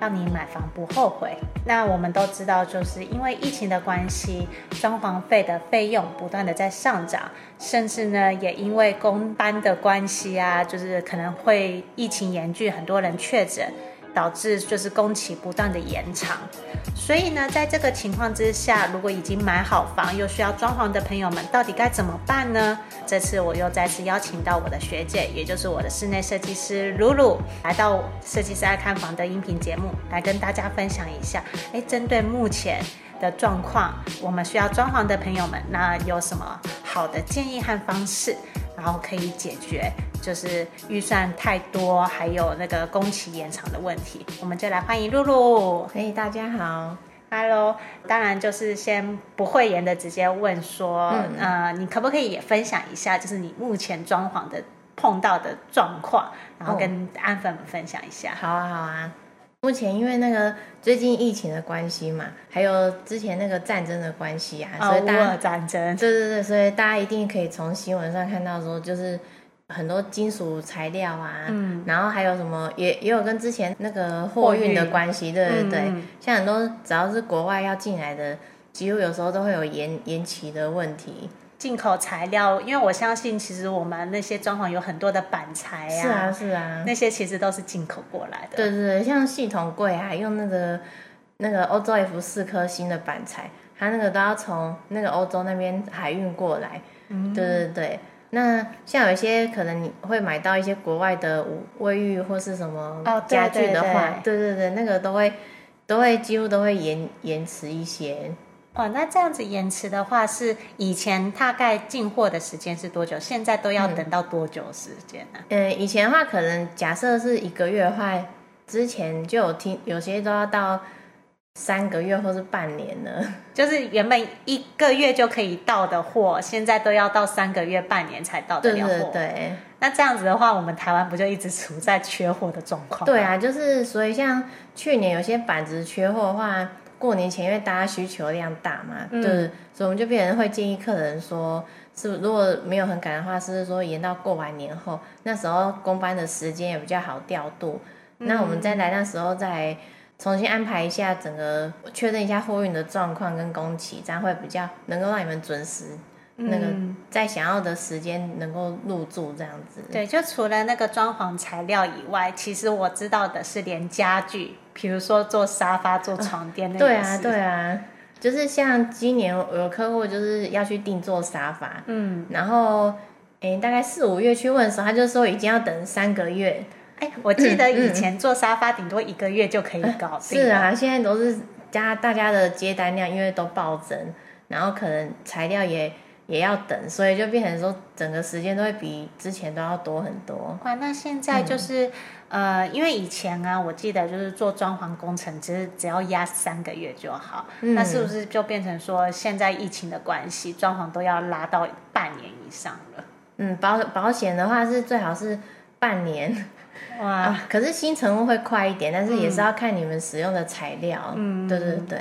讓你買房不後悔。那我們都知道，就是因為疫情的關係，裝潢費的費用不斷的在上漲，甚至呢，也因為工班的關係啊，就是可能會疫情嚴峻，很多人確診。導致就是工期不斷的延長，所以呢，在這個情況之下，如果已經買好房又需要裝潢的朋友們，到底該怎麼辦呢？這次我又再次邀請到我的學姐，也就是我的室內設計師嚕嚕，來到《設計師愛看房》的音頻節目，來跟大家分享一下。誒、欸，針對目前的狀況，我們需要裝潢的朋友們，那有什麼好的建議和方式？然後可以解決，就是預算太多，還有那個工期延長的問題。我們就來歡迎露露。嘿，大家好，Hello。當然就是先不諱言的直接問說，嗯、呃，你可不可以也分享一下，就是你目前裝潢的碰到的狀況，然後跟安粉們分享一下。好啊、哦，好啊。目前因為那個最近疫情的關係嘛，還有之前那個戰爭的關係啊，所以大家，俄烏、哦、戰爭，對對對，所以大家一定可以從新聞上看到說，就是很多金屬材料啊，嗯，然後還有什麼也也有跟之前那個貨運的關係，貨運，對對對，嗯嗯，像很多只要是國外要進來的，幾乎有時候都會有延延期的問題。進口材料，因為我相信，其實我們那些裝潢有很多的板材呀、啊啊，是啊是啊，那些其實都是進口過來的。對對，像系統櫃還、啊、用那個那個歐洲 F 四顆星的板材，它那個都要從那個歐洲那邊海運過來。嗯，對對對。那像有一些可能你會買到一些國外的衛浴或是什麼家具的話，哦、對，對，對，對對對，那個都會都會幾乎都會延延遲一些。那這樣子延遲的話，是以前大概進貨的時間是多久？現在都要等到多久時間呢？啊，嗯嗯。以前的話，可能假設是一個月的話，之前就有聽有些都要到三個月或是半年呢。就是原本一個月就可以到的貨，現在都要到三個月、半年才到得了貨。對對對。那這樣子的話，我們台灣不就一直處在缺貨的狀況？對啊，就是所以像去年有些板子缺貨的話。過年前因為大家需求量大嘛，嗯、對，所以我們就變成會建議客人說，是如果沒有很趕的話，是，是說延到過完年後，那時候工班的時間也比較好調度，嗯、那我們再來那時候再重新安排一下，整個確認一下貨運的狀況跟工期，這樣會比較能夠讓你們準時、嗯、那個在想要的時間能夠入住這樣子。對，就除了那個裝潢材料以外，其實我知道的是連家具。比如說做沙發、做床墊那些、呃、對啊，對啊，就是像今年有客戶就是要去定做沙發，嗯，然後誒，大概四五月去問的時候，他就說已經要等三個月。哎，我記得以前做沙發頂多一個月就可以搞定、嗯嗯呃，是啊，現在都是加大家的接單量，因為都暴增，然後可能材料也也要等，所以就變成說，整個時間都會比之前都要多很多。啊、那現在就是，嗯、呃，因為以前啊，我記得就是做裝潢工程，其實只要壓三個月就好。嗯、那是不是就變成說，現在疫情的關係，裝潢都要拉到半年以上了？嗯，保保險的話是最好是半年。哇、啊。可是新成屋會快一點，但是也是要看你們使用的材料。嗯，對對對。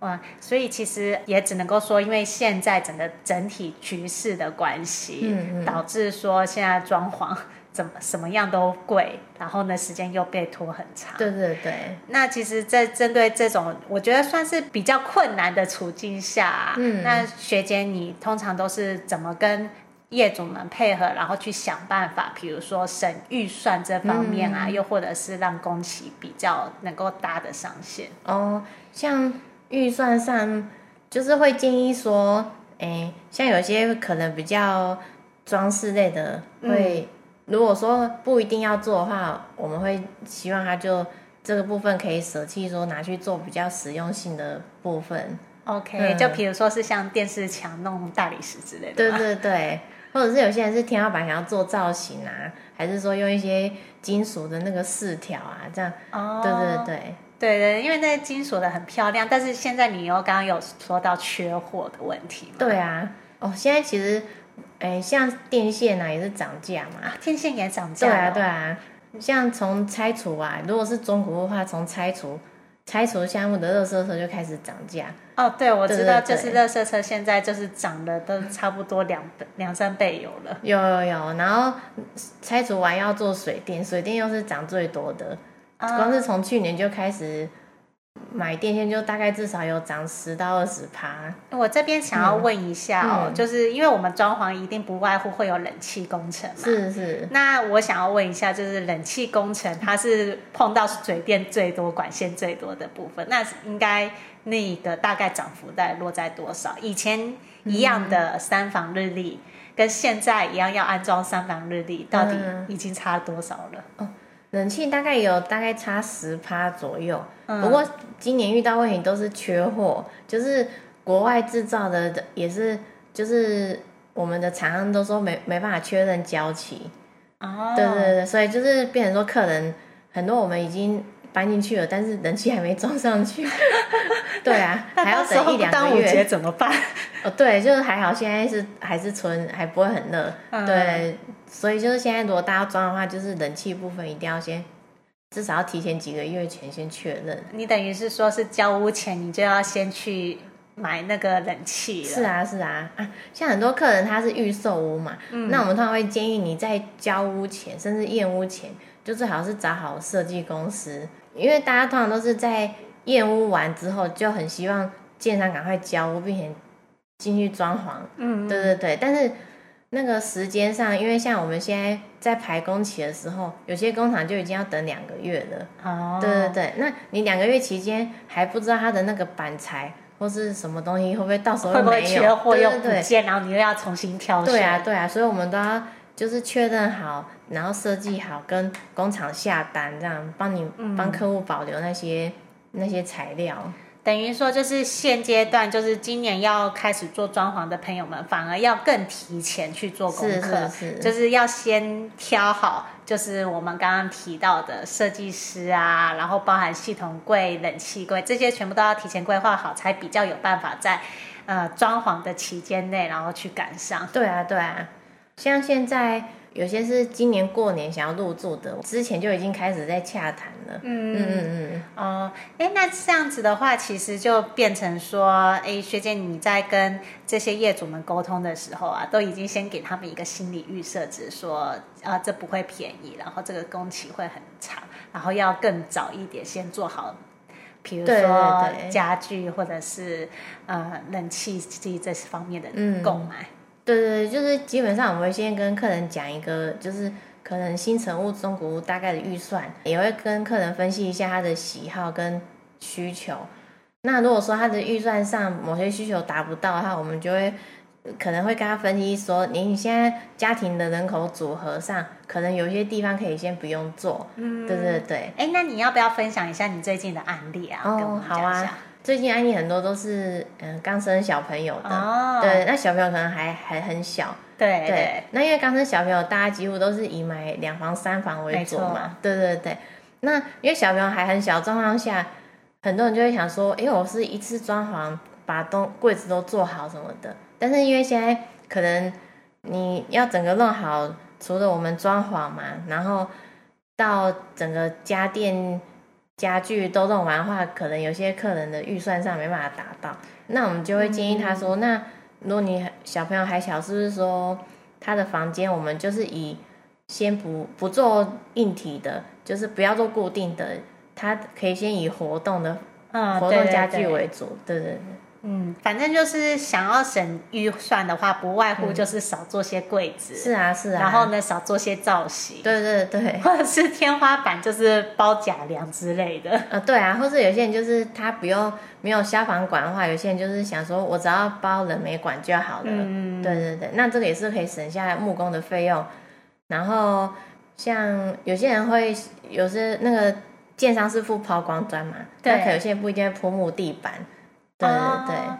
哇，所以其實也只能夠說，因為現在整個整體局勢的關係，導致說現在裝潢怎麼什麼樣都貴，然後呢時間又被拖很長。對對對。那其實，在針對這種我覺得算是比較困難的處境下、啊，嗯、那學姐你通常都是怎麼跟業主們配合，然後去想辦法，比如說省預算這方面啊，嗯、又或者是讓工期比較能夠搭得上線？哦，像。預算上就是會建議說，誒，像有些可能比較裝飾類的，會、嗯、如果說不一定要做的話，我們會希望他就這個部分可以捨棄，說拿去做比較實用性的部分。OK，嗯，就比如說是像電視牆弄大理石之類的，對對對，或者是有些人是天花板想要做造型啊，還是說用一些金屬的那個飾條啊，這樣，哦、對對對。對對，因為那些金屬的很漂亮，但是現在你又剛剛有說到缺貨的問題嗎？對啊，哦，現在其實，哎，像電線啊也是漲價嘛，電線也漲價。對啊，對啊，像從拆除啊，如果是中國的話，從拆除拆除項目的垃圾車，就開始漲價。哦，對，我知道，對對對，就是垃圾車現在就是漲了都差不多兩 兩三倍有了。有有有，然後拆除完要做水電，水電又是漲最多的。光是從去年就開始買電線，就大概至少有漲十到二十趴。我這邊想要問一下哦、喔，嗯、就是因為我們裝潢一定不外乎會有冷氣工程嘛，是是。那我想要問一下，就是冷氣工程它是碰到水電最多、管線最多的部分，那應該那個大概漲幅在落在多少？以前一樣的三房日立、嗯、跟現在一樣要安裝三房日立，到底已經差多少了？嗯嗯冷氣大概有大概差十趴左右，嗯、不過今年遇到問題都是缺貨，就是國外製造的也是，就是我們的廠商都說沒沒辦法確認交期，啊、哦，對對對，所以就是變成說客人很多，我們已經搬進去了，但是冷氣還沒裝上去。 對啊，還要等一兩個月。端午節怎麼辦？哦，oh, 對，就是還好，現在是還是春，還不會很熱。嗯、對，所以就是現在，如果大家裝的話，就是冷氣部分一定要先，至少要提前幾個月前先確認。你等於是說是交屋前，你就要先去買那個冷氣了。是啊，是啊，啊像很多客人他是預售屋嘛，嗯、那我們通常會建議你在交屋前，甚至驗屋前，就最好是找好設計公司，因為大家通常都是在。驗屋完之後就很希望建商趕快交屋，並且進去裝潢。嗯，對對對。但是那個時間上，因為像我們現在在排工期的時候，有些工廠就已經要等兩個月了。哦，對對對。那你兩個月期間還不知道它的那個板材或是什麼東西，會不會到時候沒有，會不會缺貨，對對對，然後你又要重新挑選？對啊，對啊。所以我們都要就是確認好，然後設計好，跟工廠下單，這樣幫你幫客戶保留那些。嗯。那些材料，等於說就是現階段，就是今年要開始做裝潢的朋友們，反而要更提前去做功課，是是是，就是要先挑好，就是我們剛剛提到的設計師啊，然後包含系統櫃、冷氣櫃這些，全部都要提前規劃好，才比較有辦法在呃裝潢的期間內，然後去趕上。對啊，對啊，像現在。有些是今年過年想要入住的，之前就已經開始在洽談了。嗯嗯嗯哦，哎、呃欸，那這樣子的話，其實就變成說，哎、欸，學姐，你在跟這些業主們溝通的時候啊，都已經先給他們一個心理預設值，說，啊，這不會便宜，然後這個工期會很長，然後要更早一點先做好，比如說，對對對，家具或者是呃冷氣機這方面的購買。嗯對對，對就是基本上我們會先跟客人講一個，就是可能新成屋、中古屋大概的預算，也會跟客人分析一下他的喜好跟需求。那如果說他的預算上某些需求達不到的話，我們就會可能會跟他分析說，你現在家庭的人口組合上，可能有一些地方可以先不用做，嗯、對對對。哎、欸，那你要不要分享一下你最近的案例啊？哦，好啊。最近案例很多都是嗯，剛、呃、生小朋友的，哦、對，那小朋友可能還還很小，對對對對。那因為剛生小朋友，大家幾乎都是以買兩房三房為主嘛，沒錯 對對對。那因為小朋友還很小狀況下，很多人就會想說，因、欸、為我是一次裝潢把東櫃子都做好什麼的，但是因為現在可能你要整個弄好，除了我們裝潢嘛，然後到整個家電。傢具都弄完的話，可能有些客人的預算上沒辦法達到，那我們就會建議他說：“嗯嗯，那如果你小朋友還小，是不是說他的房間我們就是以先不不做硬體的，就是不要做固定的，他可以先以活動的，哦、活動傢具為主。”對對對。對對對嗯，反正就是想要省預算的話，不外乎就是少做些櫃子，是啊、嗯、是啊，是啊，然後呢，少做些造型，對對對，或者是天花板就是包假樑之類的，呃、啊、對啊，或者有些人就是他不用沒有消防管的話，有些人就是想說我只要包冷媒管就好了，嗯對對對，那這個也是可以省下來木工的費用，然後像有些人會有些那個建商是附拋光磚嘛，對，但可有些人不一定會鋪木地板。對對，對、啊、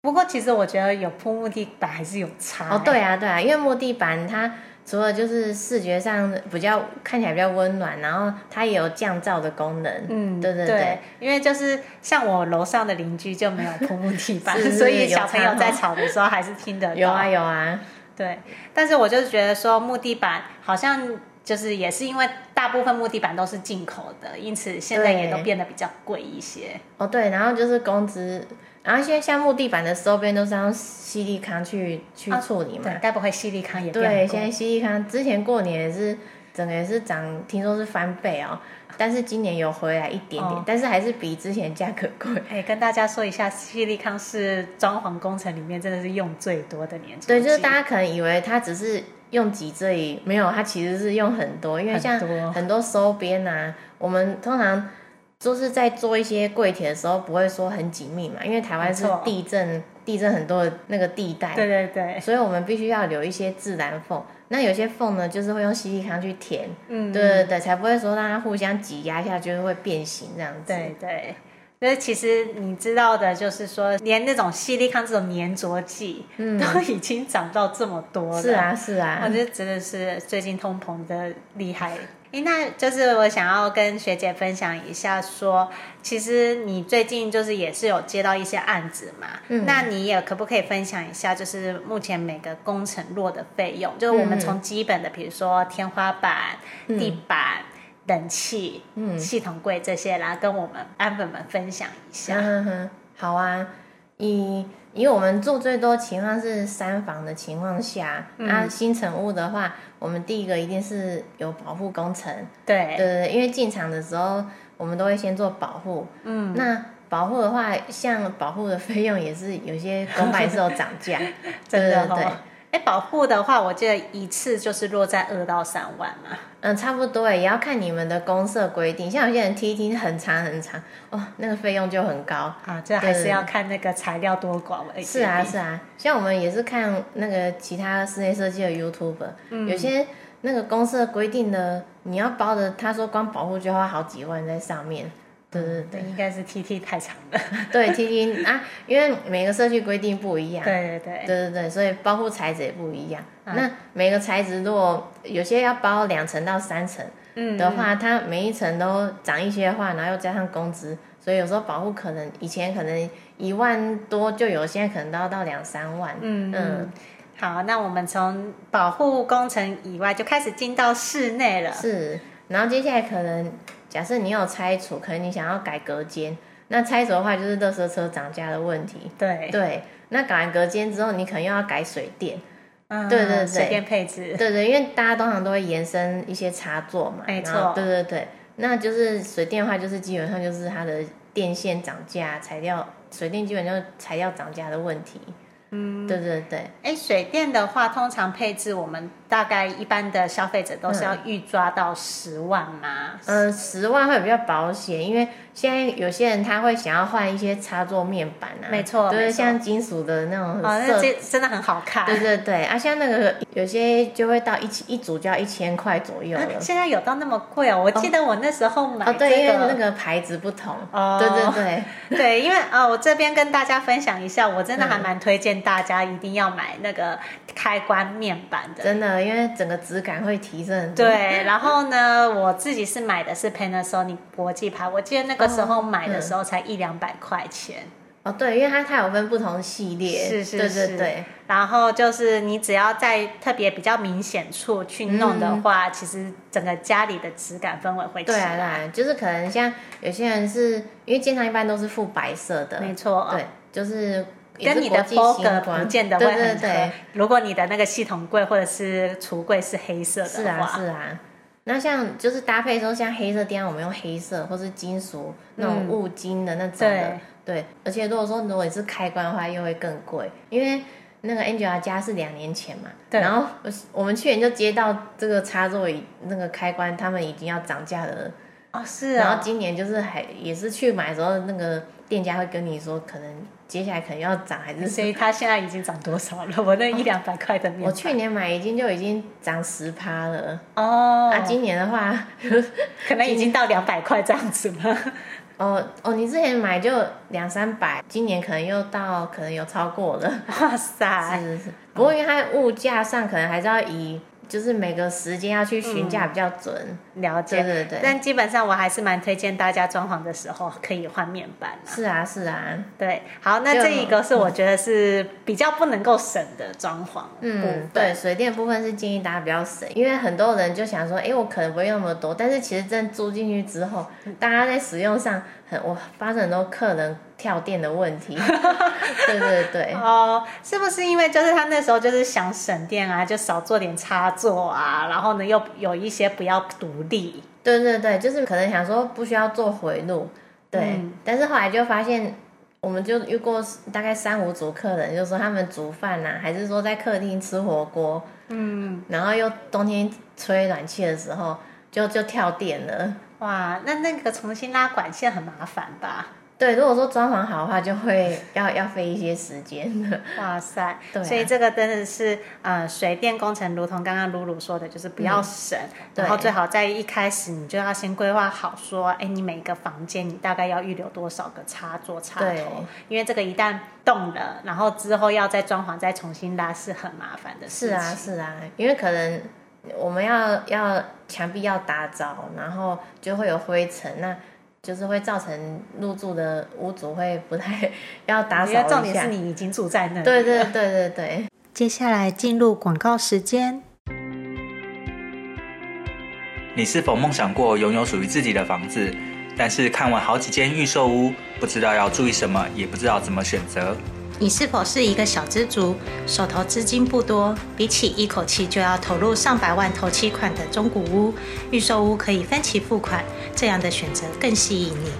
不過其實我覺得有鋪木地板還是有差哦。對啊對啊，因為木地板它除了就是視覺上比較看起來比較溫暖，然後它也有降噪的功能。嗯，對對對，對因為就是像我樓上的鄰居就沒有鋪木地板， 是所以小朋友在吵的時候還是聽得 有、啊。有啊有啊，對。但是我就是覺得說木地板好像。就是也是因為大部分木地板都是進口的，因此現在也都變得比較貴一些。哦，對，然後就是工資，然後現在像木地板的收邊都是要用矽利康去去處理嘛，該不會矽利康也對，現在矽利康之前過年是。整個也是漲，聽說是翻倍哦。但是今年有回來一點點，哦、但是還是比之前價格貴。哎，跟大家說一下，矽利康是裝潢工程裡面真的是用最多的黏著劑。對，就是大家可能以為它只是用幾這裡，嗯、沒有，它其實是用很多，因為像很多收邊多啊，我們通常就是在做一些櫃體的時候，不會說很緊密嘛，因為台灣是地震，錯地震很多的那個地帶，對對對，所以我們必須要留一些自然縫。那有些縫呢，就是會用矽利康去填，嗯，對對對，才不會說讓它互相擠壓一下，就是會變形這樣子。對對，那其實你知道的，就是說連那種矽利康這種粘着劑，嗯，都已經漲到這麼多了，是啊是啊，是啊，我覺得真的是最近通膨的厲害。 欸、那就是我想要跟學姐分享一下說，說其實你最近就是也是有接到一些案子嘛，嗯、那你也可不可以分享一下，就是目前每個工程落的費用，就是我們從基本的，比如說天花板、地板、冷氣、系統櫃這些啦，然後，跟我們安粉們分享一下。好啊，一。因為我們做最多情況是三房的情況下，嗯、啊，新成屋的話，我們第一個一定是有保護工程。對，對對，因為進場的時候，我們都會先做保護。嗯，那保護的話，像保護的費用也是有些工班是有漲價， 對對真的、哦、對。哎、欸，保護的話，我記得一次就是落在二到三萬嘛。嗯，差不多也要看你們的公司規定。像有些人梯已經很長很長哦，那個費用就很高啊。這還是要看那個材料多廣。是啊是啊，像我們也是看那個其他室內設計的 YouTuber、嗯、有些那個公司規定的你要包的，他說光保護就要花好幾萬在上面。對對對對，應該是 T T 太長了對。對 T T 啊，因為每個社區規定不一樣。對對對。對對對對，所以包覆材質也不一樣。啊、那每個材質如果有些要包兩層到三層的話，嗯、它每一層都漲一些話，然後又加上工資，所以有時候保護可能以前可能一萬多就有，現在可能都要到兩三萬。嗯嗯。嗯好，那我們從保護工程以外就開始進到室內了。是。然後接下來可能。假設你要拆除，可能你想要改隔間，那拆除的話，就是垃圾車漲價的問題。對對，那改完隔間之後，你可能又要改水電。嗯、對對對，水電配置，對，對對，因為大家通常都會延伸一些插座嘛。沒錯錯。對對對，那就是水電的話，就是基本上就是它的電線漲價，材料水電基本上就材料漲價的問題。嗯，對對對。哎、欸，水電的話，通常配置我們，大概一般的消費者都是要預抓到十萬嗎？嗯、呃，十萬會比較保險，因為現在有些人他會想要換一些插座面板啊。沒錯，就是像金屬的那種色，哦，那真的很好看。對對對，啊，像那個有些就會到一起一組就要一千塊左右、啊、現在有到那麼貴哦、喔？我記得我那時候買、這個，的、哦哦、那個牌子不同。哦，對對對，對，因為啊、哦，我這邊跟大家分享一下，我真的還蠻推薦大家一定要買那個開關面板的，真的。因為整個質感會提升很多。對， 然後呢，我自己是買的是 Panasonic 國際牌，我記得那個時候買的時候才一兩百塊錢。哦，對，因為它它有分不同系列，是是是，對，是對，然後就是你只要在特別比較明顯處去弄的話，嗯、其實整個家裡的質感氛圍會起來。對啊對，就是可能像有些人是因為經常一般都是附白色的，沒錯，哦，對，就是。跟你的風格不見得會很合。對對對，如果你的那個系統櫃或者是櫥櫃是黑色的，是啊是啊。那像就是搭配說像黑色店，我們用黑色或是金屬、嗯、那種鍍金的那種的。對，對。而且如果說如果你是開關的話，又會更貴，因為那個 Angela 家是兩年前嘛。對。然後我們去年就接到這個插座，那個開關他們已經要漲價了。哦，是啊。然後今年就是還也是去買的時候，那個店家會跟你說可能。接下來可能要漲還是？所以它現在已經漲多少了？我那一兩百塊的面。我去年買已經就已經漲十趴了哦，啊，今年的話可能已經到兩百塊這樣子吧。哦哦，你之前買就兩三百，今年可能又到可能有超過了。哇塞、啊！是是是，哦、不過因為它物價上可能還是要以。就是每個時間要去詢價比較準，嗯，了解。對對對。但基本上我還是蠻推薦大家裝潢的時候可以換面板是、啊。是啊是啊，對。好，那這一個是我覺得是比較不能夠省的裝潢部分嗯，嗯。對，水電部分是建議大家比較省，因為很多人就想說，哎、欸，我可能不用那麼多，但是其實真租進去之後，大家在使用上很，我發生很多客人。跳電的問題， 對對對哦，oh, 是不是因為就是他那時候就是想省電啊，就少做點插座啊，然後呢又有一些不要獨立， 對對對，就是可能想說不需要做回路，對，嗯、但是後來就發現，我們就遇過大概三五組客人，就說他們煮飯吶、啊，還是說在客廳吃火鍋，嗯，然後又冬天吹暖氣的時候就就跳電了，哇，那那個重新拉管線很麻煩吧？對，如果說裝潢好的話，就會要要費一些時間的。哇塞，對、啊，所以這個真的是呃，水電工程，如同剛剛嚕嚕說的，就是不要省，嗯、對，然後最好在一開始你就要先規劃好說，說哎，你每個房間你大概要預留多少個插座插頭，對因為這個一旦動了，然後之後要再裝潢再重新拉是很麻煩的事情。是啊，是啊，因為可能我們要要牆壁要打鑿，然後就會有灰塵那。就是會造成入住的屋主會不太要打掃，重點是你已經住在那裡。對對對對。接下來進入廣告時間。你是否夢想過擁有屬於自己的房子？但是看完好幾間預售屋，不知道要注意什麼，也不知道怎麼選擇。你是否是一個小資族，手頭資金不多，比起一口氣就要投入上百萬頭期款的中古屋，預售屋可以分期付款，這樣的選擇更吸引你？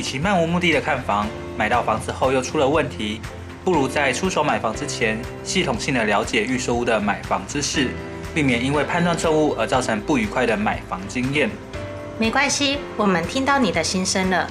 與其漫無目的的看房，買到房子後又出了問題，不如在出手買房之前，系統性的了解預售屋的買房知識，避免因為判斷錯誤而造成不愉快的買房經驗。沒關係，我們聽到你的心聲了。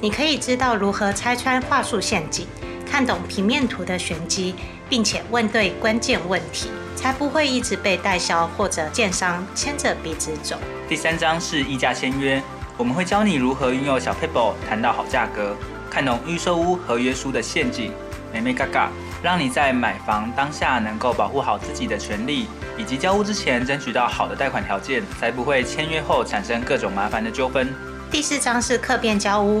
你可以知道如何拆穿話術陷阱，看懂平面圖的玄機，並且問對關鍵問題，才不會一直被代銷或者建商牽着鼻子走。第三章是議價簽約，我們會教你如何運用小撇步，談到好價格，看懂預售屋合約書的陷阱，眉眉角角，讓你在買房當下能夠保護好自己的權利，以及交屋之前爭取到好的貸款條件，才不會簽約後產生各種麻煩的糾紛。第四章是客變交屋。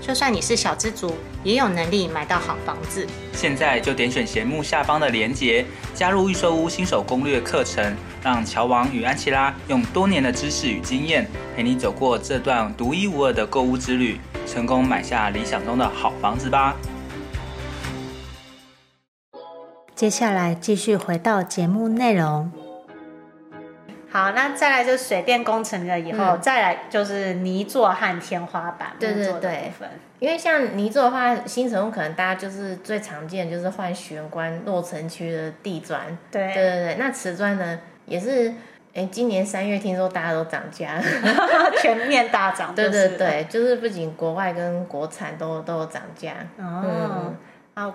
就算你是小資族，也有能力買到好房子。現在就點選節目下方的連結，加入預售屋新手攻略課程，讓喬王與安琪拉用多年的知識與經驗，陪你走過這段獨一無二的購屋之旅，成功買下理想中的好房子吧。接下來繼續回到節目內容。好，那再來就是水電工程了，以後、嗯、再來就是泥作和天花板。對對對，的部分對，因為像泥作的話，新成屋可能大家就是最常見的就是換玄關、落塵區的地磚。對對對，對對對，那瓷磚呢，也是，哎、欸，今年三月聽說大家都漲價， 全面大漲。對對對，就是不僅國外跟國產都有都有漲價。哦、嗯。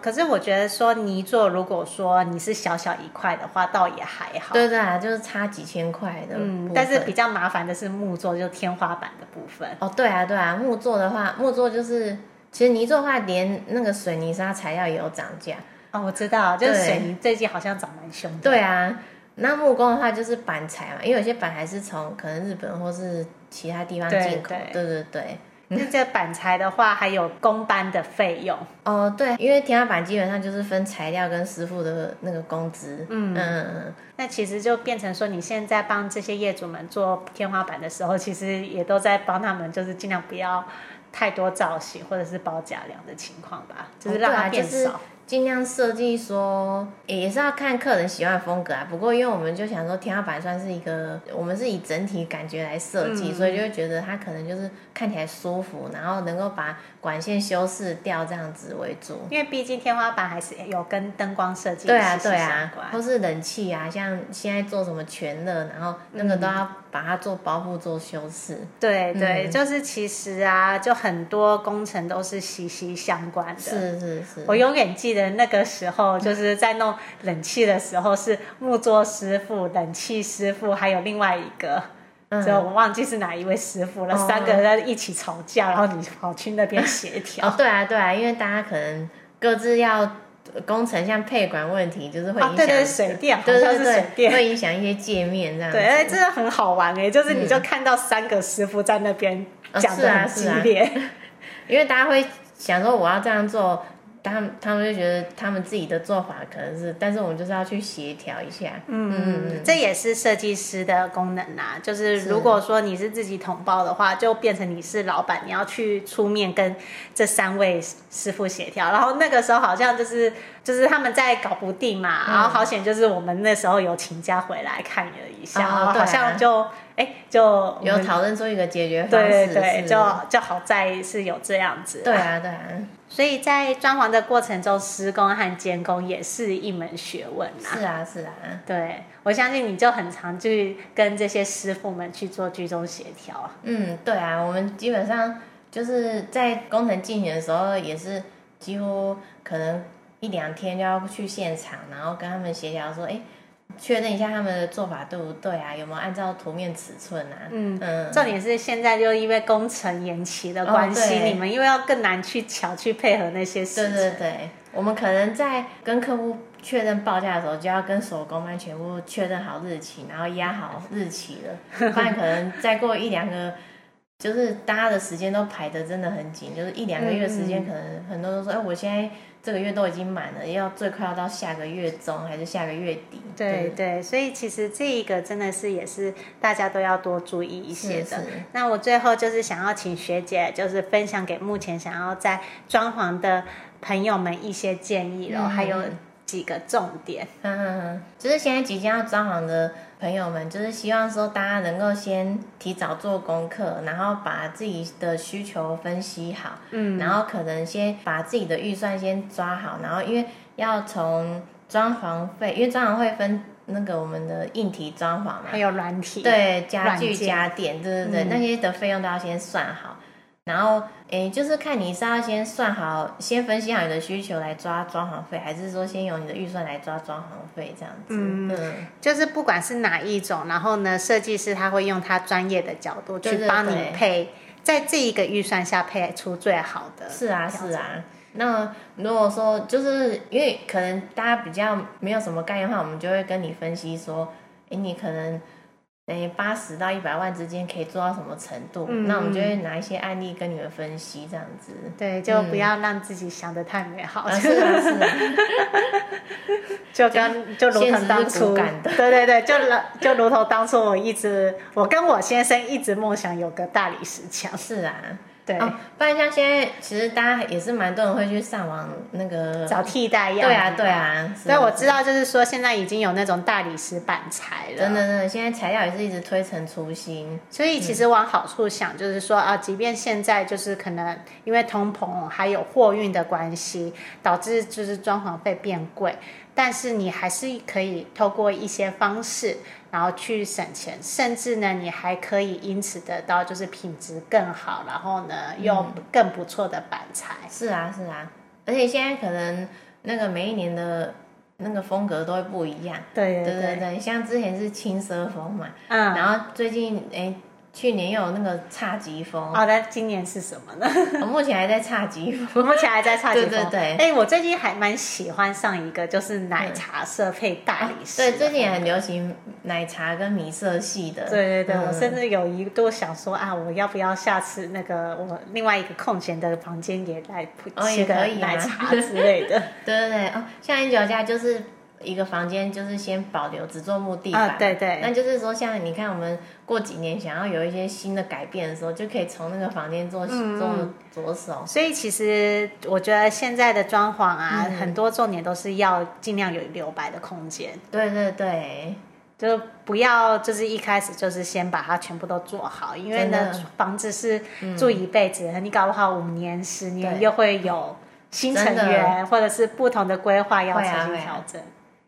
可是我覺得說泥作，如果說你是小小一塊的話，倒也還好。對對啊，就是差幾千塊的、嗯。但是比較麻煩的是木作，就是、天花板的部分。哦，對啊，對啊，木作的話，木作就是其實泥作的話，連那個水泥沙材料也有漲價。哦，我知道，對就是水泥最近好像漲蠻兇的。對啊，那木工的話就是板材嘛，因為有些板材是從可能日本或是其他地方進口。對對對。對對那、嗯、這板材的話，還有工班的費用哦，對，因為天花板基本上就是分材料跟師傅的那個工資，嗯嗯。嗯嗯，那其實就變成說，你現在幫這些業主們做天花板的時候，其實也都在幫他們，就是盡量不要太多造型，或者是包假樑的情況吧，啊、就是讓它變少。盡量設計說，欸，也是要看客人喜歡的風格啊。不過因為我們就想說，天花板算是一個，我們是以整體感覺來設計，嗯，所以就覺得它可能就是看起來舒服，然後能夠把。管線修飾掉這樣子為主，因為畢竟天花板還是有跟燈光設計。對啊對啊，都是冷氣啊，像現在做什麼全熱，然後那個都要把它做包覆做修飾、嗯。對對，就是其實啊，就很多工程都是息息相關的是。是是是，我永遠記得那個時候，就是在弄冷氣的時候，嗯、是木作師傅、冷氣師傅，還有另外一個。所以我忘記是哪一位師傅了，哦、三個人一起吵架，然後你跑去那邊協調。啊、哦，對啊，對啊，因為大家可能各自要工程，像配管問題，就是會影響、啊、水電，水電對對對，會影響一些界面這樣。對，哎，真的很好玩哎、欸，就是你就看到三個師傅在那邊講得很激烈，哦啊啊、 因為大家會想說我要這樣做。他們他們就覺得他們自己的做法可能是，但是我們就是要去協調一下。嗯，嗯，這也是設計師的功能啦、啊。就是如果說你是自己統包的話，是就變成你是老闆，你要去出面跟這三位師傅協調。然後那個時候好像就是就是他們在搞不定嘛，嗯、然後好險就是我們那時候有請假回來看了一下，哦啊、好像就。哎，就有討論出一個解決方式，對，對，對，就就好在是有這樣子。對啊，對啊。所以在裝潢的過程中，施工和監工也是一門學問啊。是啊，是啊。對，我相信你就很常去跟這些師傅們去做居中協調。嗯，對啊，我們基本上就是在工程進行的時候，也是幾乎可能一兩天就要去現場，然後跟他們協調說，哎。確認一下他們的做法對不對啊？有沒有按照圖面尺寸啊？嗯嗯，嗯重點是現在就因為工程延期的關係，哦、你們因為要更難去喬去配合那些事情。對對，對我們可能在跟客戶確認報價的時候，就要跟所有工班全部確認好日期，然後壓好日期了。嗯、不然可能再過一兩個， 就是大家的時間都排的真的很緊，就是一兩個月時間，嗯嗯可能很多人都說，哎，我現在。這個月都已經滿了，要最快要到下個月中還是下個月底？對對,對，所以其實這一個真的是也是大家都要多注意一些的。是是那我最後就是想要請學姐就是分享給目前想要在裝潢的朋友們一些建議，嗯、然後還有幾個重點，嗯呵呵呵，就是現在即將要裝潢的。朋友們就是希望說，大家能夠先提早做功課，然後把自己的需求分析好，嗯，然後可能先把自己的預算先抓好，然後因為要從裝潢費，因為裝潢會分那個我們的硬體裝潢嘛，還有軟體，對，家具件家電，對對對，嗯、那些的費用都要先算好。然後誒，就是看你是要先算好，先分析好你的需求來抓裝潢費，還是說先用你的預算來抓裝潢費這樣子？嗯，對就是不管是哪一種，然後呢，設計師他會用他專業的角度去幫你配，對對對，在這一個預算下配出最好的的。是啊，是啊。那如果說就是因為可能大家比較沒有什麼概念的話，我們就會跟你分析說，誒你可能。等於八十到一百萬之間可以做到什麼程度？嗯嗯，那我們就會拿一些案例跟你們分析，這樣子。對，就不要讓自己想得太美好。是的、嗯啊，是、啊是啊、 就跟就如同當初，的對對對，就就如同當初，我一直我跟我先生一直夢想有個大理石牆。啊是啊。對、哦，不然像現在，其實大家也是蠻多人會去上網那個找替代藥。對啊，對啊。所以我知道，就是說現在已經有那種大理石板材了。真的，真的，現在材料也是一直推陳出新。所以，其實往好處想，嗯、就是說啊，即便現在就是可能因為通膨還有貨運的關係，導致就是裝潢費變貴，但是你還是可以透過一些方式。然後去省錢，甚至呢，你還可以因此得到就是品質更好，然後呢用更不錯的板材。嗯。是啊，是啊，而且現在可能那個每一年的那個風格都會不一樣。對對對，對對，像之前是輕奢風嘛，嗯、然後最近誒去年有那個侘寂風，好的、哦，那今年是什麼呢？我目前還在侘寂風，目前還在侘寂風。 風 對對對，哎、欸，我最近還蠻喜歡上一個，就是奶茶色配大理石，那個嗯哦。對，最近也很流行奶茶跟米色系的。對對對，嗯、我甚至有一度想說啊，我要不要下次那個我另外一個空閒的房間也來鋪些個奶茶之類的。哦、 對對對，哦，像安琪拉家就是，一個房間就是先保留，只做木地板，啊、對對，那就是說，像你看，我們過幾年想要有一些新的改變的時候，就可以從那個房間做、嗯、做着手。所以其實我覺得現在的裝潢啊，嗯、很多重點都是要尽量有留白的空間。對對對，就不要就是一開始就是先把它全部都做好，因為呢，真的房子是住一輩子的，嗯、你搞不好五年十年，對又會有新成員，真的或者是不同的規劃要重新調整。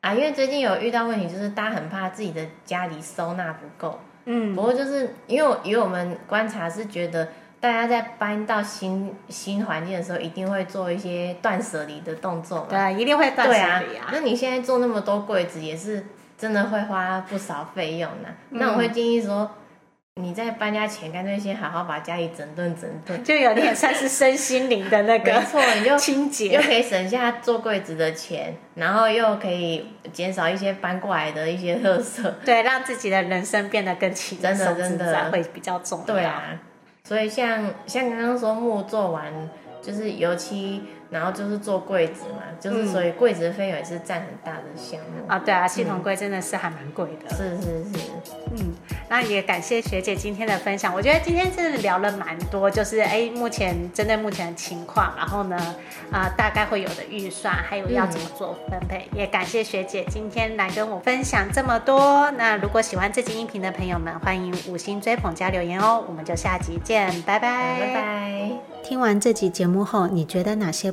啊，因為最近有遇到問題，就是大家很怕自己的家裡收納不夠。嗯，不過就是因為我以我們觀察是覺得，大家在搬到新新環境的時候，一定會做一些斷捨離的動作嘛。對、啊，一定會斷捨離啊，啊。那你現在做那麼多櫃子，也是真的會花不少費用呢、啊。嗯、那我會建議說。你在搬家前乾脆先好好把家裡整頓整頓，就有點算是身心靈的那個， 沒錯你就清潔， 又可以省下做櫃子的錢，然後又可以減少一些搬過來的一些垃圾。對，讓自己的人生變得更輕鬆，負擔會比較重。對啊，所以像像剛剛說木做完就是油漆。然後就是做櫃子嘛，就是所以櫃子的費用也是佔很大的項目啊、嗯哦。對啊，系統櫃真的是還蠻貴的。嗯、是是是，嗯，那也感謝學姐今天的分享。我覺得今天真的聊了蠻多，就是哎，目前針對目前的情況，然後呢，啊、呃，大概會有的預算，還有要怎麼做分配。嗯、也感謝學姐今天來跟我分享這麼多。那如果喜歡這集音頻的朋友們，歡迎五星追捧加留言哦。我們就下集見，拜拜，嗯、拜拜。聽完這集節目後，你覺得哪些？